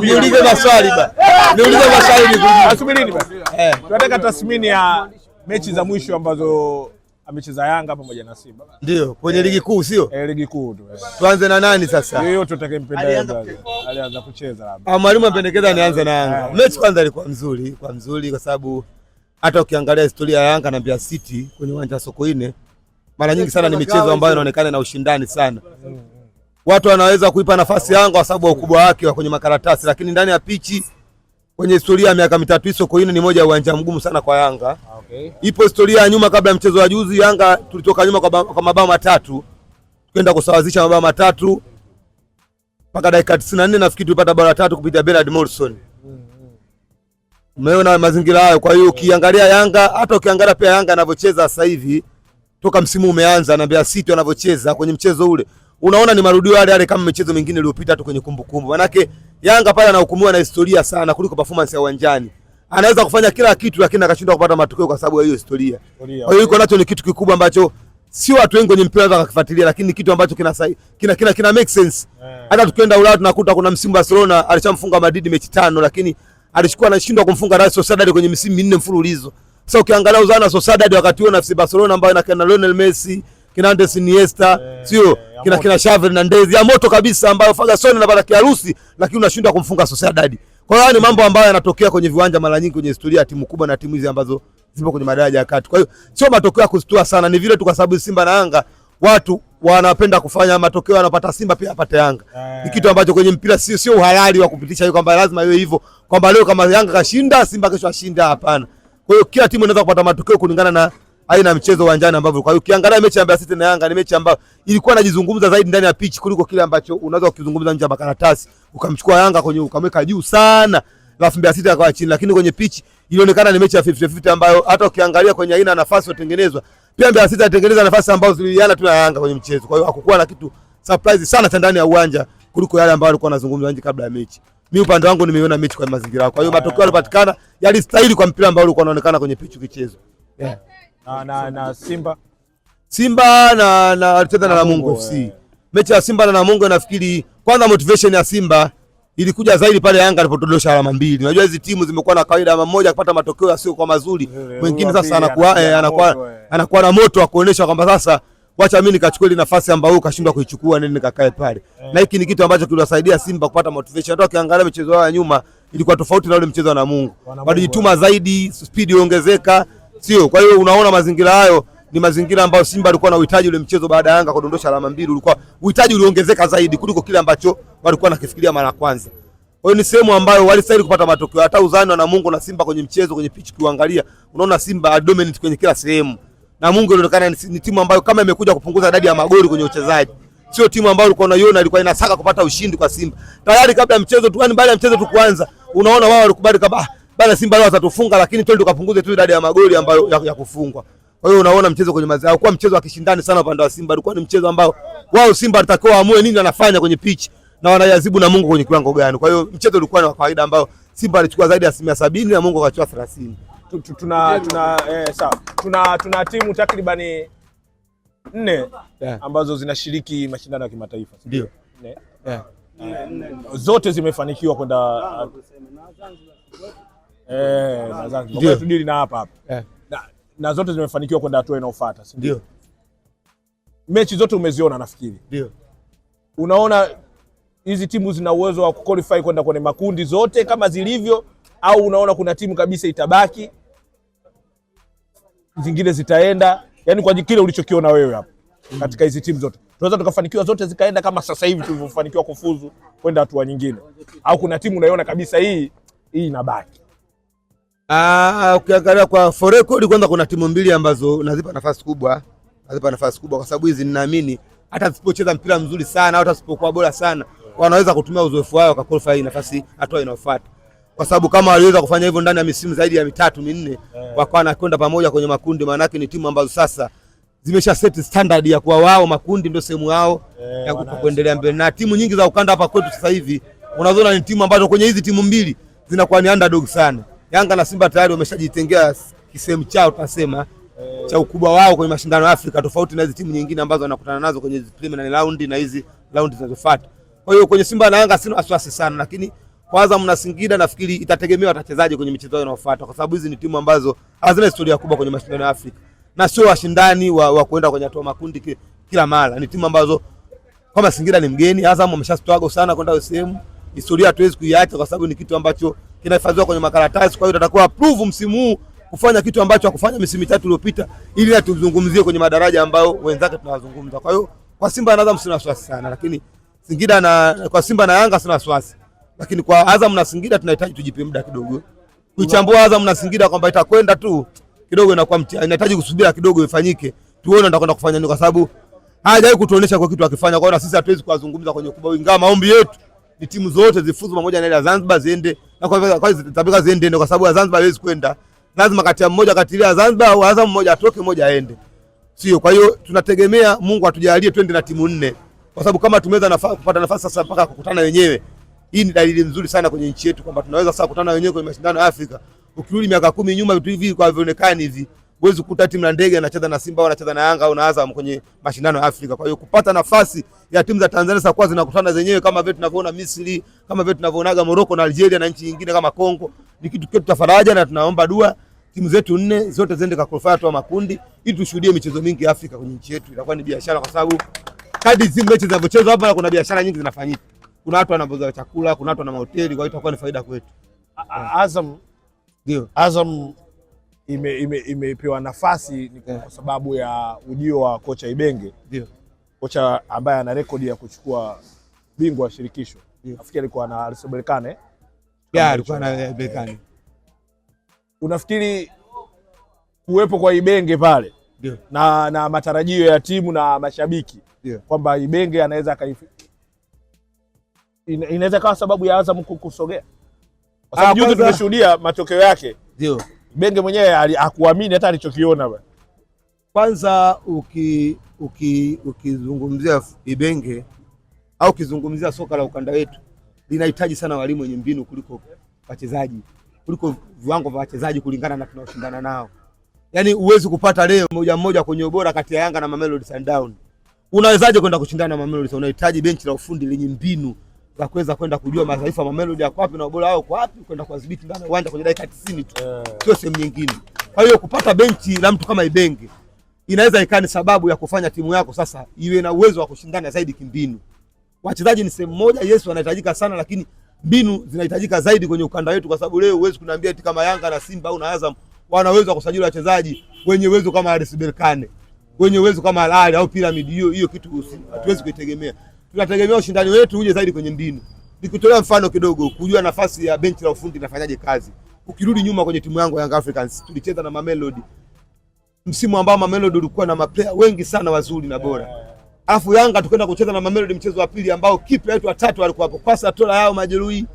niulize maswali Tunataka tathmini ya mechi za mwisho ambazo amecheza Yanga pamoja na Simba ndio kwenye ligi kuu, sio ligi kuu tu. Tuanze na nani sasa? Yeyote utakayempenda. Alianza kucheza labda, mwalimu amependekeza nianze na Yanga. Mechi kwanza ilikuwa nzuri, kwa nzuri kwa sababu hata ukiangalia historia ya Yanga na Mbeya City kwenye uwanja wa Sokoine mara nyingi sana ni michezo ambayo inaonekana na ushindani sana. Watu wanaweza kuipa nafasi Yanga kwa sababu ya ukubwa wake kwenye makaratasi, lakini ndani ya pichi kwenye historia ya miaka mitatu hii Sokoine ni moja ya uwanja mgumu sana kwa Yanga. Okay. Ipo historia ya nyuma, kabla ya mchezo wa juzi, Yanga tulitoka nyuma kwa, kwa mabao matatu Tukaenda kusawazisha mabao matatu mpaka dakika 94 nafikiri tulipata bao la tatu kupitia Bernard Morrison. Umeona mazingira hayo. Kwa hiyo ukiangalia Yanga, hata ukiangalia pia Yanga anavyocheza sasa hivi toka msimu umeanza na Mbeya City anavyocheza kwenye mchezo ule, unaona ni marudio yale yale kama michezo mingine iliyopita tu kwenye kumbukumbu. Manake Yanga pale anahukumiwa na historia sana kuliko performance ya uwanjani. Anaweza kufanya kila kitu, lakini akashindwa kupata matokeo kwa sababu ya hiyo historia. Kwa hiyo iko nacho ni kitu kikubwa ambacho si watu wengi kwenye mpira wanaweza kufuatilia, lakini kitu ambacho kina sahi, kina kina, kina make sense. Eh. Hata tukienda Ulaya tunakuta kuna msimu Barcelona alishamfunga Madrid mechi tano lakini alichukua anashindwa kumfunga Real Sociedad kwenye misimu minne mfululizo. Sasa ukiangalia uzana Sociedad wakati huo na FC Barcelona ambayo ina Lionel Messi, kina Andres Iniesta, eh, sio eh, kina kina Xavi Hernandez ya moto kabisa ambayo Ferguson anapata kiharusi lakini unashindwa kumfunga Sociedad. Kwa hiyo ni mambo ambayo yanatokea kwenye viwanja mara nyingi kwenye historia ya timu kubwa na timu hizi ambazo zipo kwenye madaraja ya kati. Kwa hiyo sio matokeo ya kustua sana, ni vile tu kwa sababu Simba na Yanga watu wanapenda kufanya matokeo anapata Simba pia apate Yanga eh. ni kitu ambacho kwenye mpira sio sio uhalali wa kupitisha hiyo kwamba lazima iwe hivyo kwamba leo kama Yanga kashinda Simba kesho ashinda. Hapana, kwa hiyo kila timu inaweza kupata matokeo kulingana na aina ya mchezo uwanjani ambavyo. Kwa hiyo ukiangalia mechi ya Mbeya City na Yanga ni mechi ambayo ilikuwa inajizungumza zaidi ndani ya pitch kuliko kile ambacho unaweza kukizungumza nje ya makaratasi. Ukamchukua Yanga kwenye ukamweka juu sana, alafu Mbeya City akawa chini, lakini kwenye pitch ilionekana ni mechi ya 50-50 ambayo hata ukiangalia kwenye aina ya nafasi iliyotengenezwa pia Mbeya City alitengeneza nafasi ambazo ziliana tu na Yanga kwenye mchezo. Kwa hiyo hakukuwa na kitu surprise sana cha ndani ya uwanja kuliko yale ambayo alikuwa anazungumza nje kabla ya mechi. Mimi upande wangu nimeiona mechi kwa mazingira Kwa hiyo matokeo yalipatikana yalistahili kwa mpira ambao ulikuwa unaonekana kwenye pichu kichezo. Yeah. Na, na, na Simba Simba na na alicheza na Namungo FC. Mechi ya Simba na Namungo nafikiri kwanza motivation ya Simba ilikuja zaidi pale Yanga alipotodosha alama mbili. Unajua hizi timu zimekuwa na kawaida, ama mmoja kupata matokeo yasiyo kwa mazuri, eh, mwingine sasa anakuwa anakuwa eh, eh. anakuwa na moto wa kuonesha kwamba sasa wacha mimi nikachukua ile nafasi ambayo kashindwa kuichukua nini nikakae pale. Na hiki ni kitu ambacho kiliwasaidia Simba kupata motivation. Hata ukiangalia michezo yao ya nyuma ilikuwa tofauti na ule mchezo wa Namungo. Walijituma zaidi, spidi ongezeka, sio? Kwa hiyo unaona mazingira hayo ni mazingira ambayo Simba alikuwa na uhitaji ule mchezo baada ya Yanga kudondosha alama mbili, ulikuwa uhitaji uliongezeka zaidi kuliko kile ambacho walikuwa nakifikiria mara ya kwanza. Kwa hiyo ni sehemu ambayo walistahili kupata matokeo. Hata uzani na Mungu na Simba kwenye mchezo, kwenye pitch, ukiangalia unaona Simba dominant kwenye kila sehemu, na Mungu ilionekana ni ni timu ambayo kama imekuja kupunguza idadi ya magoli kwenye uchezaji sio timu ambayo ulikuwa unaiona ilikuwa inasaka kupata ushindi kwa Simba. Tayari kabla ya mchezo tu, yani baada ya mchezo tu kuanza, unaona wao walikubali kaba ah, bana Simba leo watatufunga, lakini twende tukapunguze tu idadi ya magoli ambayo ya, ya kufungwa. Kwa hiyo unaona mchezo kwenye mazingira haukuwa mchezo wa kishindani sana upande wa Simba, ulikuwa ni mchezo ambao wao Simba watakao waamue nini anafanya kwenye pitch na wanayazibu na Mungu kwenye kiwango gani. Kwa hiyo mchezo ulikuwa ni wa kawaida ambao Simba alichukua zaidi ya asilimia sabini na Mungu akachukua 30. Tuna tuna eh, sawa. Tuna tuna timu takribani nne ambazo zinashiriki mashindano ya kimataifa. Ndio. Zote zimefanikiwa kwenda eh, na Zanzibar. Tudili na hapa hapa na zote zimefanikiwa kwenda hatua inayofuata, si ndio? Mechi zote umeziona nafikiri, ndio. Unaona hizi timu zina uwezo wa kuqualify kwenda kwenye makundi zote kama zilivyo, au unaona kuna timu kabisa itabaki, zingine zitaenda? Yani kwa kile ulichokiona wewe hapo mm. katika hizi timu zote tunaweza tukafanikiwa zote zikaenda kama sasa hivi tulivyofanikiwa kufuzu kwenda hatua nyingine, au kuna timu unaiona kabisa hii hii inabaki? Ah, ah, ukiangalia kwa for record kwanza kuna timu mbili ambazo nazipa nafasi kubwa. Nazipa nafasi kubwa kwa sababu hizi ninaamini hata zisipocheza mpira mzuri sana, hata zisipokuwa bora sana, wanaweza kutumia uzoefu wao kwa qualify nafasi hatua inayofuata. Kwa sababu kama waliweza kufanya hivyo ndani ya misimu zaidi ya mitatu minne, yeah. wakawa wanakwenda pamoja kwenye makundi, maana ni timu ambazo sasa zimesha set standard ya kuwa wao makundi ndio sehemu yao eh, ya kuendelea mbele. Na timu nyingi za ukanda hapa kwetu sasa hivi unazoona ni timu ambazo kwenye hizi timu mbili zinakuwa ni underdog sana. Yanga na Simba tayari wameshajitengea kisehemu chao tunasema eh. cha ukubwa wao kwenye mashindano ya Afrika tofauti na hizo timu nyingine ambazo wanakutana nazo kwenye preliminary round na hizi round zinazofuata. Kwa hiyo kwenye Simba na Yanga sina wasiwasi sana, lakini kwanza mna Singida, nafikiri itategemea watachezaji kwenye michezo inayofuata, kwa sababu hizi ni timu ambazo hazina historia kubwa kwenye mashindano ya Afrika na sio washindani wa, wa kwenda kwenye hatua makundi kila mara. Ni timu ambazo kama Singida ni mgeni, Azam wameshastwago sana kwenda sehemu, historia hatuwezi kuiacha kwa sababu ni kitu ambacho kinahifadhiwa kwenye makaratasi. Kwa hiyo tutakuwa approve msimu huu kufanya kitu ambacho hakufanya misimu mitatu iliyopita, ili atuzungumzie kwenye madaraja ambayo wenzake tunazungumza. Kwa hiyo kwa Simba na Azam sina wasiwasi sana, lakini Singida na kwa Simba na Yanga sina wasiwasi, lakini kwa Azam na Singida tunahitaji tujipe muda kidogo kuchambua Azam na Singida kwamba itakwenda tu kidogo, inakuwa mtia, inahitaji kusubira kidogo ifanyike, tuone ndakwenda kufanya nini, kwa sababu hajawahi kutuonesha kwa kitu akifanya. Kwa hiyo na sisi hatuwezi kuwazungumza kwenye kubwa, ingawa maombi yetu ni timu zote zifuzu pamoja na ile ya Zanzibar ziende na kwa kwa tabika ziende kwa sababu Zanzibar haiwezi kwenda, lazima kati ya mmoja kati ya Zanzibar au Azam mmoja atoke, mmoja aende, sio? Kwa hiyo tunategemea Mungu atujalie twende na timu nne, kwa sababu kama tumeweza nafasi kupata nafasi sasa mpaka kukutana wenyewe, hii ni dalili nzuri sana kwenye nchi yetu kwamba tunaweza sasa kukutana wenyewe kwenye mashindano ya Afrika. Ukirudi miaka kumi nyuma, vitu hivi kwa vionekani hivi huwezi kukuta timu ya ndege anacheza na Simba au anacheza na Yanga au na Azam kwenye mashindano ya Afrika. Kwa hiyo kupata nafasi ya timu za Tanzania za kwa zinakutana zenyewe kama vile tunavyoona Misri, kama vile tunavyoonaga Morocco na Algeria na nchi nyingine kama Kongo, ni kitu kwetu cha faraja na tunaomba dua timu zetu nne zote ziende kwa qualify tu makundi ili tushuhudie michezo mingi Afrika kwenye nchi yetu. Itakuwa ni biashara kwa sababu kadi zile mechi zinavyochezwa hapa kuna biashara nyingi zinafanyika. Kuna watu wanauza chakula, kuna watu wana mahoteli, kwa hiyo itakuwa ni faida kwetu. Azam ndio. Azam imepewa ime, ime nafasi ni Kwa sababu ya ujio wa kocha Ibenge yeah. Kocha ambaye ana rekodi ya kuchukua bingwa shirikisho yeah. Nafikiri alikuwa na RS Berkane yeah, alikuwa na Berkane. Unafikiri kuwepo kwa Ibenge pale yeah. na, na matarajio ya timu na mashabiki yeah. kwamba Ibenge anaweza inaweza kawa sababu ya Azam kusogea, kwa sababu ah, juzi tumeshuhudia matokeo yake ndio Benge mwenyewe hakuamini hata alichokiona bwana. Kwanza ukizungumzia uki, uki Ibenge au ukizungumzia soka la ukanda wetu linahitaji sana walimu wenye mbinu kuliko wachezaji kuliko viwango vya wachezaji kulingana na tunaoshindana nao. Yaani uwezi kupata leo moja moja kwenye ubora kati ya Yanga na Mamelodi Sundowns. Unawezaje kwenda kushindana na Mamelodi? Unahitaji benchi la ufundi lenye mbinu la kuweza kwenda kujua mataifa Mamelodi yako wapi na ubora wao kwa wapi, kwenda kuwadhibiti ndani ya uwanja kwenye dakika 90 tu, eh. sio yeah, sehemu nyingine. Kwa hiyo kupata benchi la mtu kama Ibenge inaweza ikawa ni sababu ya kufanya timu yako sasa iwe na uwezo wa kushindana zaidi kimbinu. Wachezaji ni sehemu moja, Yesu anahitajika sana, lakini mbinu zinahitajika zaidi kwenye ukanda wetu, kwa sababu leo huwezi kuniambia eti kama Yanga na Simba au na Azam wanaweza kusajili wachezaji wenye uwezo kama Haris Berkane wenye uwezo kama Al Ahly au Pyramid. Hiyo hiyo kitu hatuwezi kuitegemea tunategemea ushindani wetu uje zaidi kwenye mbinu. Nikutolea mfano kidogo, kujua nafasi ya benchi la ufundi inafanyaje kazi. Ukirudi nyuma kwenye timu yangu Young Africans, tulicheza na Mamelodi msimu ambao Mamelodi ulikuwa na maplaya wengi sana wazuri na bora, alafu Yanga tukaenda kucheza na Mamelodi mchezo wa pili ambao kipa wetu watatu walikuwa hapo, pasa tola yao majeruhi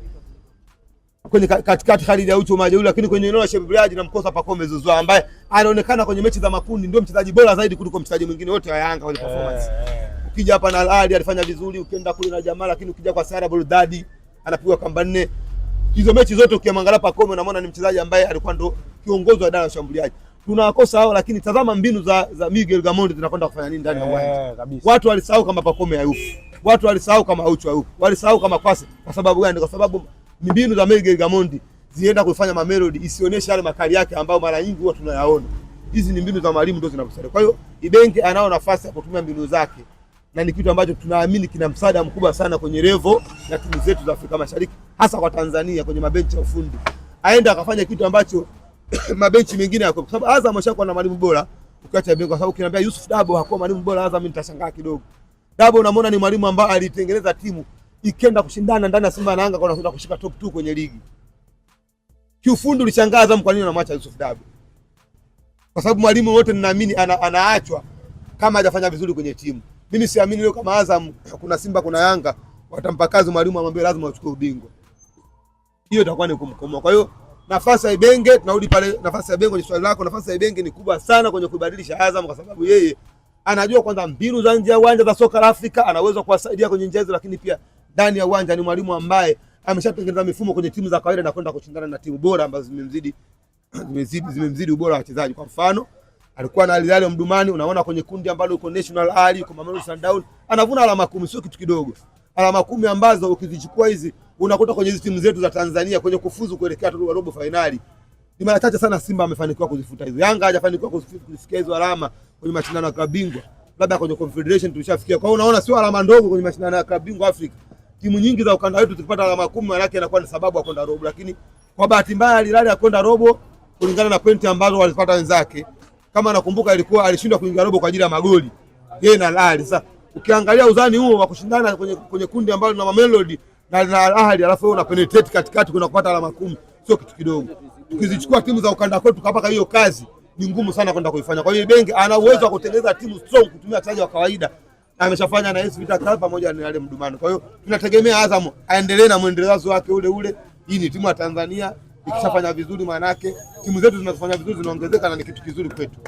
kwenye katikati hali ya ucho majeruhi, lakini kwenye eneo la shambuliaji namkosa Pacome Zouzoua ambaye anaonekana kwenye mechi za makundi ndio mchezaji bora zaidi kuliko mchezaji mwingine wote wa Yanga kwenye performance eh, eh ukija hapa na Al alifanya vizuri, ukienda kule na Jamal, lakini ukija kwa Sara Boldadi anapigwa kamba nne. Hizo mechi zote ukimwangalia Pacome unamwona ni mchezaji ambaye alikuwa ndo kiongozi wa idara ya ushambuliaji. Tunawakosa hao, lakini tazama mbinu za, za Miguel Gamondi zinakwenda kufanya nini ndani ya eh, uwanja. eh, Watu walisahau kama Pacome hayupo, watu walisahau kama Aucho hayupo, walisahau kama Kwase. Kwa sababu gani? Kwa sababu mbinu za Miguel Gamondi zienda kufanya Mamelodi isionyeshe yale makali yake ambayo mara nyingi huwa tunayaona. Hizi ni mbinu za mwalimu ndio zinakusaidia. Kwa hiyo Ibenge anao nafasi ya kutumia mbinu zake na ni kitu ambacho tunaamini kina msaada mkubwa sana kwenye revo na timu zetu za Afrika Mashariki, hasa kwa Tanzania kwenye mabenchi ya ufundi, aenda akafanya kitu ambacho mabenchi mengine hayako, kwa sababu Azam ashakuwa na mwalimu bora ukiacha Bengo, kwa sababu kinaambia Yusuf Dabo hakuwa mwalimu bora Azam, nitashangaa kidogo. Dabo unamwona ni mwalimu ambaye alitengeneza timu ikenda kushindana ndani ya Simba na Yanga kwa kushika top 2 kwenye ligi. Kiufundi ulishangaa Azam kwa nini anamwacha Yusuf Dabo? Kwa sababu mwalimu wote ninaamini ana, anaachwa kama hajafanya vizuri kwenye timu. Mimi siamini leo kama Azam kuna Simba kuna Yanga watampa kazi mwalimu amwambie lazima uchukue ubingwa. Hiyo itakuwa ni kumkomoa. Kwa hiyo nafasi ya Ibenge, tunarudi pale nafasi ya Ibenge kwenye swali lako, nafasi ya Ibenge ni kubwa sana kwenye kuibadilisha Azam kwa sababu yeye anajua kwanza mbinu za nje ya uwanja za soka la Afrika, anaweza kuwasaidia kwenye njia hizo, lakini pia ndani ya uwanja ni mwalimu ambaye ameshatengeneza mifumo kwenye timu za kawaida na kwenda kushindana na timu bora ambazo zimemzidi zimemzidi zimemzidi ubora wa wachezaji kwa mfano alikuwa na Al-Hilal Omdurman, unaona kwenye kundi ambalo uko National Ali, uko Mamelodi Sundowns, anavuna alama kumi, sio kitu kidogo. Alama kumi ambazo ukizichukua hizi unakuta kwenye hizi timu zetu za Tanzania kwenye kufuzu kuelekea robo finali. ni mara chache sana Simba amefanikiwa kuzifuta hizo. Yanga hajafanikiwa kuzifikia hizo alama kwenye mashindano ya klabu bingwa, labda kwenye Confederation tulishafikia. Kwa hiyo unaona sio alama ndogo kwenye mashindano ya klabu bingwa Afrika. Timu nyingi za ukanda wetu zikipata alama kumi, maana yake inakuwa ni sababu ya kwenda robo, lakini kwa bahati mbaya Al-Hilal hakwenda robo kulingana na pointi ambazo walipata wenzake kama nakumbuka, ilikuwa alishindwa kuingia robo kwa ajili ya magoli yeye na Al-Ahli. Sasa ukiangalia uzani huo wa kushindana kwenye, kwenye kundi ambalo na Mamelodi na na Al-Ahli, alafu wewe una penetrate katikati kuna kupata alama kumi, sio kitu kidogo. Tukizichukua timu za ukanda kwetu kapaka hiyo kazi, ni ngumu sana kwenda kuifanya. Kwa hiyo Benge ana uwezo wa kutengeneza timu strong kutumia wachezaji wa kawaida ameshafanya na Vita Club pamoja na yale Mdumano. Kwa hiyo tunategemea Azam aendelee na mwendelezo wake ule ule. Hii ni timu ya Tanzania ikishafanya vizuri, maana timu zetu zinazofanya vizuri zinaongezeka na ni kitu kizuri kwetu.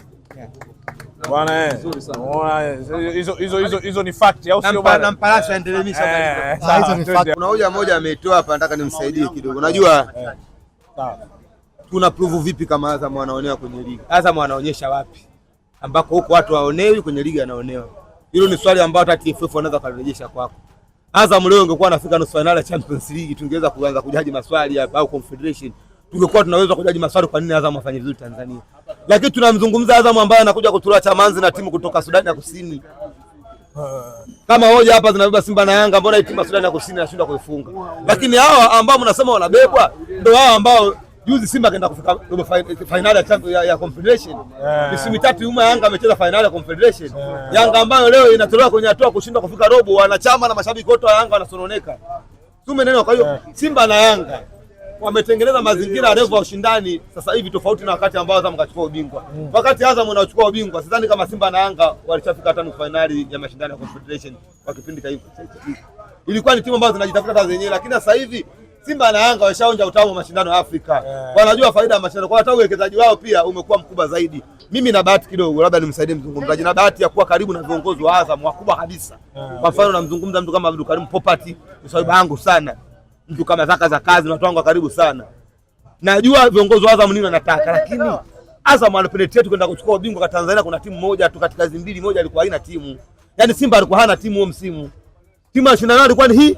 Bwana eh, eh, hizo ni fact au sio bwana? Namparasha endelemisha. Eh, Kuna hoja moja ametoa hapa, nataka nimsaidie kidogo. Unajua tuna prove vipi kama Azam wanaonewa kwenye ligi? Azam wanaonyesha wapi ambako huko watu waonewi kwenye ligi anaonewa? Hilo ni swali ambalo hata TFF wanaweza kurejesha kwako. Azam leo ungekuwa anafika nusu finali ya Champions League tungeweza kuanza kujaji maswali hapa au Confederation tungekuwa tunaweza kujaji maswali kwa nini Azam afanye vizuri Tanzania. Lakini tunamzungumza Azam ambaye anakuja kutoa Chamanzi na timu kutoka Sudani ya Kusini. Kama hoja hapa zinabeba Simba na Yanga, mbona timu ya Sudani ya Kusini inashindwa kuifunga? Lakini hawa ambao mnasema wanabebwa ndio hawa ambao juzi Simba kaenda kufika robo finali ya, ya Confederation. Eh. Misimu mitatu nyuma Yanga amecheza finali ya Confederation. Eh. Yanga ambayo leo inatolewa kwenye hatua kushindwa kufika robo, wanachama na mashabiki wote wa Yanga wanasononeka. Tume neno kwa hiyo eh. Simba na Yanga wametengeneza mazingira ya level ya ushindani sasa hivi tofauti na wakati ambao Azam kachukua ubingwa. Mm. Wakati Azam anachukua ubingwa, sidhani kama Simba na Yanga walishafika hata nusu finali ya mashindano ya Confederation kwa kipindi cha hivi. Ilikuwa ni timu ambazo zinajitafuta hata zenyewe, lakini sasa hivi Simba na Yanga washaonja utamu wa mashindano ya Afrika. Wanajua faida ya mashindano. Kwa hata uwekezaji wao pia umekuwa mkubwa zaidi. Mimi na bahati kidogo, labda nimsaidie mzungumzaji, na bahati ya kuwa karibu na viongozi wa Azam wakubwa kabisa. Kwa mfano, namzungumza mtu kama Abdul Karim Popati, msaiba wangu sana mtu kama zaka za kazi na watu wangu karibu sana. Najua viongozi wa Azam nini wanataka, lakini Azam anapenetrate kwenda kuchukua ubingwa kwa Tanzania. Kuna timu moja tu katika hizo mbili, moja alikuwa haina timu, yaani Simba alikuwa hana timu huo msimu, timu ya shindano alikuwa ni hii.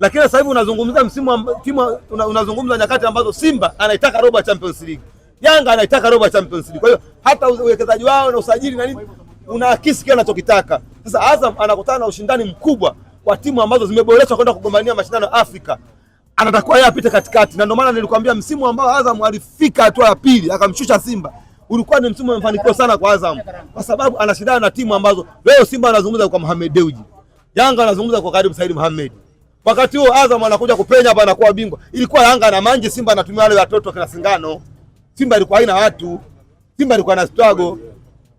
Lakini sasa hivi unazungumza msimu timu una, unazungumza nyakati ambazo Simba anaitaka robo Champions League, Yanga anaitaka robo Champions League. Kwa hiyo hata uwekezaji wao na usajili na nini unaakisi kile anachokitaka. Sasa Azam anakutana na ushindani mkubwa wa timu ambazo zimeboreshwa kwenda kugombania mashindano ya Afrika anatakiwa yeye apite katikati, na ndio maana nilikwambia msimu ambao Azam alifika hatua ya pili akamshusha Simba ulikuwa ni msimu wa mafanikio sana kwa Azam, kwa sababu anashindana na timu ambazo leo Simba anazungumza kwa Mohamed Dewji, Yanga anazungumza kwa Karim Said Mohamed. Wakati huo Azam anakuja kupenya hapa, anakuwa bingwa. Ilikuwa Yanga na Manje, Simba anatumia wale watoto kina Singano. Simba ilikuwa haina watu, Simba ilikuwa na struggle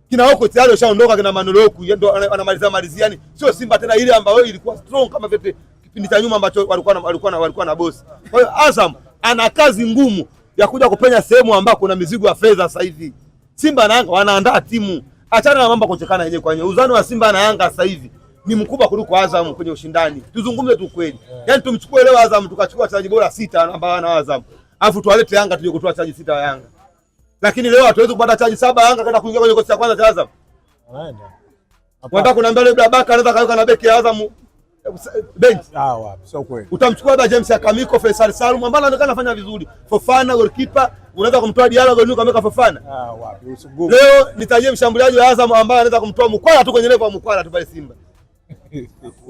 kina huko tayari ushaondoka, kina Manoroku ndio anamalizia malizia, yani sio Simba tena ile ambayo ilikuwa strong kama vipi kipindi cha nyuma ambacho walikuwa na, walikuwa na, walikuwa na bosi. Kwa hiyo Azam ana kazi ngumu ya kuja kupenya sehemu ambako kuna mizigo ya fedha sasa hivi. Simba na Yanga wanaandaa timu. Achana na mambo kuchekana yenyewe kwa yenyewe. Uzani wa Simba na Yanga sasa hivi ni mkubwa kuliko Azam kwenye ushindani. Tuzungumze tu kweli. Yaani tumchukue leo Azam tukachukua wachezaji bora sita ambao wana Azam. Alafu tuwalete Yanga tuje kutoa wachezaji sita wa Yanga. Lakini leo hatuwezi kupata wachezaji saba Yanga kwenda kuingia kwenye kosi ya kwanza cha Azam. Anaenda. Wanataka kuniambia yule Baka anaweza kaweka na beki ya Azam benchi. Ah, wapi, sio kweli. Utamchukua labda James Akamiko, Faisal Salum ambaye anaonekana anafanya vizuri. Fofana goalkeeper, unaweza kumtoa Diallo goal nyuka ameka Fofana. Ah, wapi, usigumu. Leo nitajie mshambuliaji wa Azam ambaye anaweza kumtoa Mkwala tu kwenye level ya Mkwala tu pale Simba.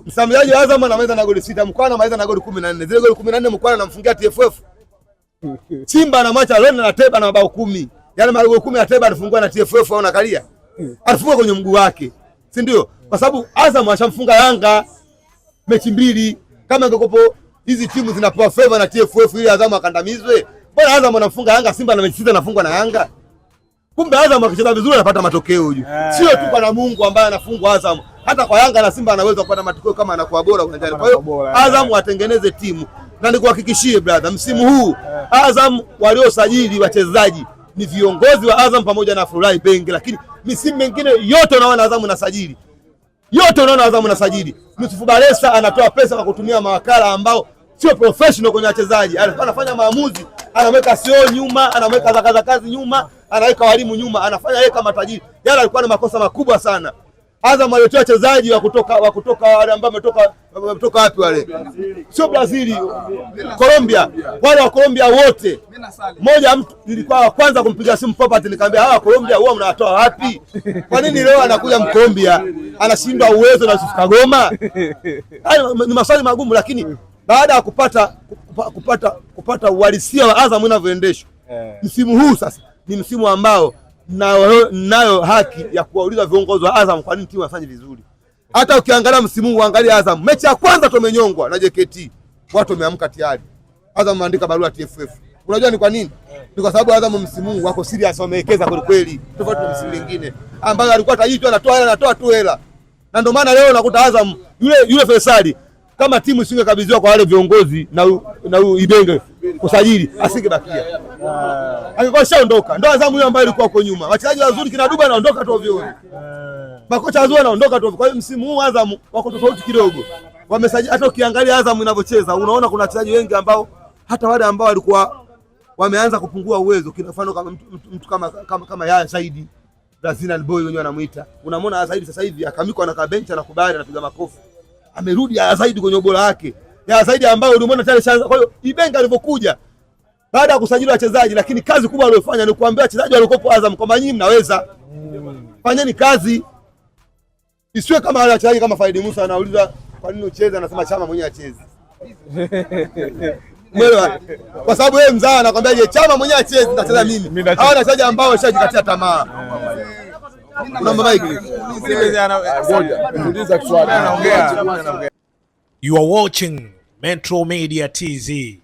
Mshambuliaji wa Azam anaweza na goli sita, Mkwala anaweza na goli 14. Zile goli 14 Mkwala anamfungia TFF. Simba ana macha na Teba na mabao kumi. Yaani magoli kumi ya Teba alifungwa na TFF au nakalia. Alifunga kwenye mguu wake. Si ndio? Kwa sababu Azam ashamfunga Yanga mechi mbili. Kama angekopo hizi timu zinapewa favor na TFF ili Azam akandamizwe, mbona Azam anafunga Yanga, Simba na mechi sita anafungwa na Yanga? Kumbe Azam akicheza vizuri anapata matokeo huyu, eh. sio tu kwa Namungu ambaye anafungwa Azam, hata kwa Yanga na Simba anaweza kupata matokeo kama anakuwa bora uwanjani. Kwa hiyo Azam eh. watengeneze timu, na nikuhakikishie brother, msimu huu eh. Azam waliosajili wachezaji ni viongozi wa Azam pamoja na Fulai Benge, lakini misimu mingine yote unaona Azam inasajili yote unaona wazamu na sajili. Yusufu Balesa anatoa pesa kwa kutumia mawakala ambao sio professional kwenye wachezaji, anafanya maamuzi, anaweka sio e nyuma, anaweka zakazakazi nyuma, anaweka walimu nyuma, anafanya yeye kama tajiri. Yale alikuwa na makosa makubwa sana. Azam aliletea wachezaji wa kutoka wa kutoka wale ambao wametoka wametoka wapi wale? Sio Brazil, Colombia. Wale wa Colombia wote. moja mtu nilikuwa wa kwanza kumpiga simu Papati nikamwambia hawa Colombia huwa mnawatoa wapi? Kwa nini leo anakuja mkolombia anashindwa uwezo na Yusuf Kagoma? Hayo ni maswali magumu lakini baada ya kupata kupata kupata uhalisia wa Azam inavyoendeshwa. Eh. Msimu huu sasa ni msimu ambao nayo na, na, haki ya kuwauliza viongozi wa Azam kwa nini timu hafanyi vizuri. Hata ukiangalia msimu huu, angalia Azam, mechi ya kwanza tumenyongwa na JKT, watu wameamka tayari. Azam ameandika barua TFF. Unajua ni kwa nini? Ni kwa sababu Azam msimu huu wako serious, wamewekeza kweli kweli, tofauti na msimu mwingine ambayo alikuwa tajiri tu anatoa hela anatoa tu hela, na ndio maana leo nakuta Azam yule yule Faisali, kama timu isingekabidhiwa kwa wale viongozi na na Ibenge usajili asingebakia, angekuwa shaondoka. Ndo Azamu hiyo ambayo ilikuwa huko nyuma, wachezaji wazuri kina Duba anaondoka tu ovyo ovyo, eh. makocha wazuri anaondoka tu. Kwa hiyo msimu huu Azamu wako tofauti kidogo, wamesajili. Hata ukiangalia Azamu inavyocheza unaona kuna wachezaji wengi ambao hata wale ambao walikuwa wameanza kupungua uwezo, kwa mfano kama mtu, mtu kama, kama, kama Yaya Saidi Brazilian boy wenyewe anamuita, unamwona Saidi sasa hivi akamikwa na kabenchi, anakubali, anapiga makofi, amerudi Saidi kwenye ubora wake ya zaidi ambayo ulimwona tayari shanza. Kwa hiyo Ibenga alivyokuja baada ya kusajili wachezaji, lakini kazi kubwa aliyofanya ni kuambia wachezaji waliokuwa Azam kwamba nyinyi mnaweza, mm. fanyeni kazi, isiwe kama wale wachezaji kama Faidi Musa anauliza kwa nini ucheze, anasema Chama mwenyewe acheze Mwelewa? Kwa sababu yeye mzaa anakwambia je, Chama mwenyewe acheze, nacheza mimi. Hawa wachezaji ambao washajikatia tamaa You are watching Metro Media TZ.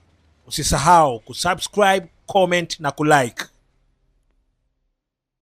Usisahau kusubscribe, comment na kulike.